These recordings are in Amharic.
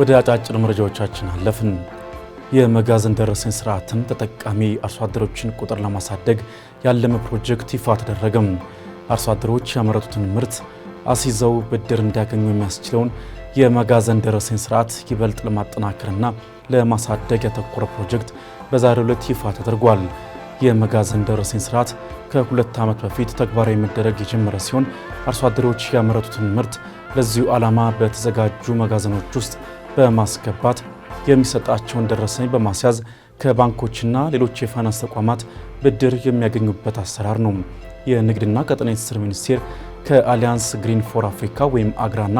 ወደ አጫጭር መረጃዎቻችን አለፍን። የመጋዘን ደረሰኝ ስርዓትን ተጠቃሚ አርሶ አደሮችን ቁጥር ለማሳደግ ያለመ ፕሮጀክት ይፋ ተደረገም። አርሶ አደሮች ያመረቱትን ምርት አስይዘው ብድር እንዲያገኙ የሚያስችለውን የመጋዘን ደረሰኝ ስርዓት ይበልጥ ለማጠናከርና ለማሳደግ ያተኮረ ፕሮጀክት በዛሬው ዕለት ይፋ ተደርጓል። የመጋዘን ደረሰኝ ስርዓት ከሁለት ዓመት በፊት ተግባራዊ መደረግ የጀመረ ሲሆን አርሶ አደሮች ያመረቱትን ምርት ለዚሁ ዓላማ በተዘጋጁ መጋዘኖች ውስጥ በማስገባት የሚሰጣቸውን ደረሰኝ በማስያዝ ከባንኮችና ሌሎች የፋይናንስ ተቋማት ብድር የሚያገኙበት አሰራር ነው። የንግድና ቀጠና ትስስር ሚኒስቴር ከአሊያንስ ግሪን ፎር አፍሪካ ወይም አግራና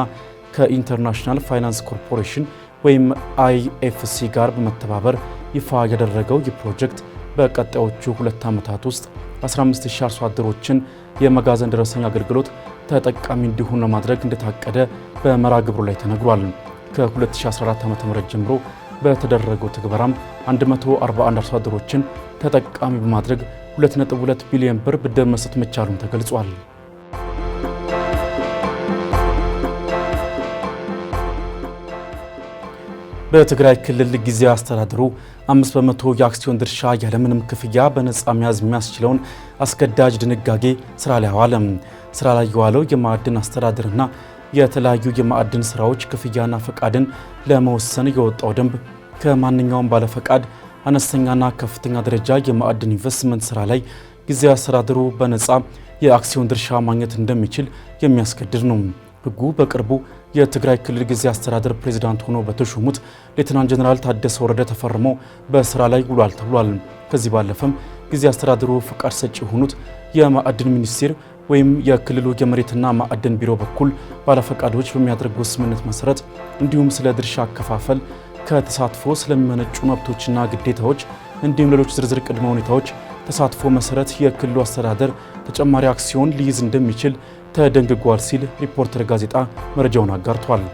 ከኢንተርናሽናል ፋይናንስ ኮርፖሬሽን ወይም አይኤፍሲ ጋር በመተባበር ይፋ ያደረገው ይህ ፕሮጀክት በቀጣዮቹ ሁለት ዓመታት ውስጥ 15000 አርሶ አደሮችን የመጋዘን ደረሰኝ አገልግሎት ተጠቃሚ እንዲሆን ለማድረግ እንደታቀደ በመርሃ ግብሩ ላይ ተነግሯል። ከ2014 ዓ.ም ጀምሮ በተደረገው ትግበራም 141 አርሶ አደሮችን ተጠቃሚ በማድረግ 2.2 ቢሊዮን ብር ብድር መስጠት መቻሉም ተገልጿል። በትግራይ ክልል ጊዜያዊ አስተዳደሩ 5 በመቶ የአክሲዮን ድርሻ ያለምንም ክፍያ በነፃ መያዝ የሚያስችለውን አስገዳጅ ድንጋጌ ስራ ላይ አዋለም። ስራ ላይ የዋለው የማዕድን አስተዳደርና የተለያዩ የማዕድን ስራዎች ክፍያና ፈቃድን ለመወሰን የወጣው ደንብ ከማንኛውም ባለፈቃድ አነስተኛና ከፍተኛ ደረጃ የማዕድን ኢንቨስትመንት ስራ ላይ ጊዜያዊ አስተዳደሩ በነፃ የአክሲዮን ድርሻ ማግኘት እንደሚችል የሚያስገድድ ነው። ህጉ በቅርቡ የትግራይ ክልል ጊዜያዊ አስተዳደር ፕሬዚዳንት ሆኖ በተሾሙት ሌትናንት ጀኔራል ታደሰ ወረደ ተፈርሞ በስራ ላይ ውሏል ተብሏል። ከዚህ ባለፈም ጊዜያዊ አስተዳደሩ ፍቃድ ሰጪ የሆኑት የማዕድን ሚኒስቴር ወይም የክልሉ የመሬትና ማዕድን ቢሮ በኩል ባለፈቃዶች በሚያደርጉት ስምምነት መሰረት እንዲሁም ስለ ድርሻ አከፋፈል ከተሳትፎ ስለሚመነጩ መብቶችና ግዴታዎች እንዲሁም ሌሎች ዝርዝር ቅድመ ሁኔታዎች ተሳትፎ መሰረት የክልሉ አስተዳደር ተጨማሪ አክሲዮን ሊይዝ እንደሚችል ተደንግጓል ሲል ሪፖርተር ጋዜጣ መረጃውን አጋርቷል።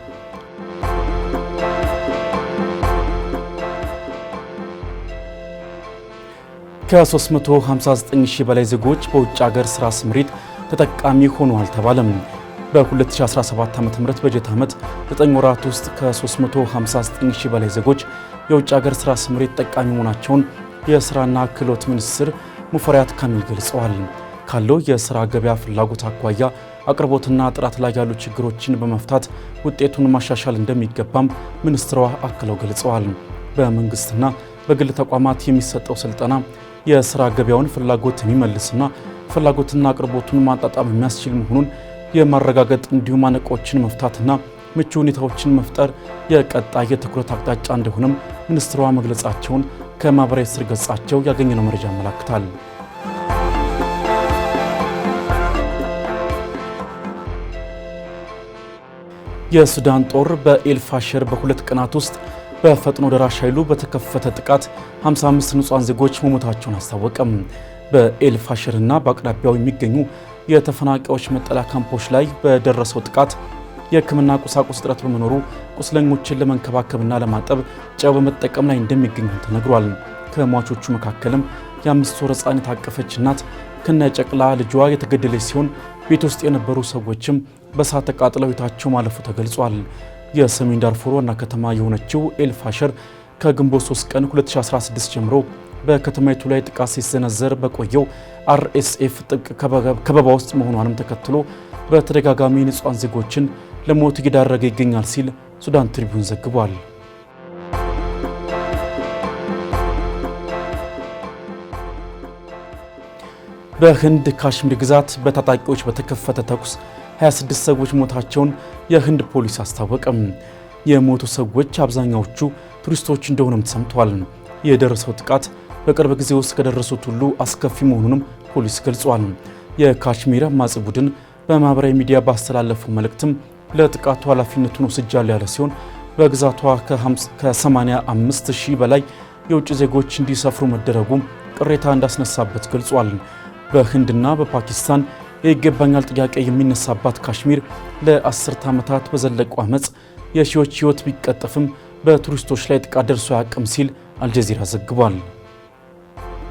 ከ359 ሺህ በላይ ዜጎች በውጭ ሀገር ስራ ስምሪት ተጠቃሚ ሆኗል ተባለም። በ2017 ዓ.ም በጀት ዓመት 9 ወራት ውስጥ ከ359 ሺህ በላይ ዜጎች የውጭ ሀገር ሥራ ስምሪት ተጠቃሚ መሆናቸውን የሥራና ክህሎት ሚኒስትር ሙፈሪያት ካሚል ገልጸዋል። ካለው የሥራ ገበያ ፍላጎት አኳያ አቅርቦትና ጥራት ላይ ያሉ ችግሮችን በመፍታት ውጤቱን ማሻሻል እንደሚገባም ሚኒስትሯ አክለው ገልጸዋል። በመንግሥትና በግል ተቋማት የሚሰጠው ሥልጠና የስራ ገበያውን ፍላጎት የሚመልስና ፍላጎትና አቅርቦቱን ማጣጣም የሚያስችል መሆኑን የማረጋገጥ እንዲሁም አነቆችን መፍታትና ምቹ ሁኔታዎችን መፍጠር የቀጣይ የትኩረት አቅጣጫ እንደሆነም ሚኒስትሯ መግለጻቸውን ከማህበራዊ ስር ገጻቸው ያገኘነው መረጃ ያመላክታል። የሱዳን ጦር በኤልፋሸር በሁለት ቀናት ውስጥ በፈጥኖ ደራሽ ኃይሉ በተከፈተ ጥቃት 55 ንጹሃን ዜጎች መሞታቸውን አስታወቀም። በኤልፋሽርና በአቅራቢያው የሚገኙ የተፈናቃዮች መጠለያ ካምፖች ላይ በደረሰው ጥቃት የሕክምና ቁሳቁስ እጥረት በመኖሩ ቁስለኞችን ለመንከባከብና ለማጠብ ጨው በመጠቀም ላይ እንደሚገኙ ተነግሯል። ከሟቾቹ መካከልም የአምስት ወር ህፃን የታቀፈች እናት ጨቅላ ልጇ የተገደለች ሲሆን ቤት ውስጥ የነበሩ ሰዎችም በእሳት ተቃጥለው ሕይወታቸው ማለፉ ተገልጿል። የሰሜን ዳርፉር ዋና ከተማ የሆነችው ኤልፋሸር ከግንቦት 3 ቀን 2016 ጀምሮ በከተማይቱ ላይ ጥቃት ሲሰነዘር በቆየው አርኤስኤፍ ጥብቅ ከበባ ውስጥ መሆኗንም ተከትሎ በተደጋጋሚ ንጹሐን ዜጎችን ለሞት እየዳረገ ይገኛል ሲል ሱዳን ትሪቢዩን ዘግቧል። በህንድ ካሽሚር ግዛት በታጣቂዎች በተከፈተ ተኩስ 26 ሰዎች ሞታቸውን የህንድ ፖሊስ አስታወቀም። የሞቱ ሰዎች አብዛኛዎቹ ቱሪስቶች እንደሆነም ተሰምተዋል። የደረሰው ጥቃት በቅርብ ጊዜ ውስጥ ከደረሱት ሁሉ አስከፊ መሆኑንም ፖሊስ ገልጿል። የካሽሚር አማጺ ቡድን በማህበራዊ ሚዲያ ባስተላለፈው መልእክትም ለጥቃቱ ኃላፊነቱን ወስጃለሁ ያለ ሲሆን በግዛቷ ከ85 ሺህ በላይ የውጭ ዜጎች እንዲሰፍሩ መደረጉ ቅሬታ እንዳስነሳበት ገልጿል። በህንድና በፓኪስታን የይገባኛል ጥያቄ የሚነሳባት ካሽሚር ለአስርተ ዓመታት በዘለቁ አመፅ የሺዎች ሕይወት ቢቀጠፍም በቱሪስቶች ላይ ጥቃት ደርሶ አያውቅም ሲል አልጀዚራ ዘግቧል።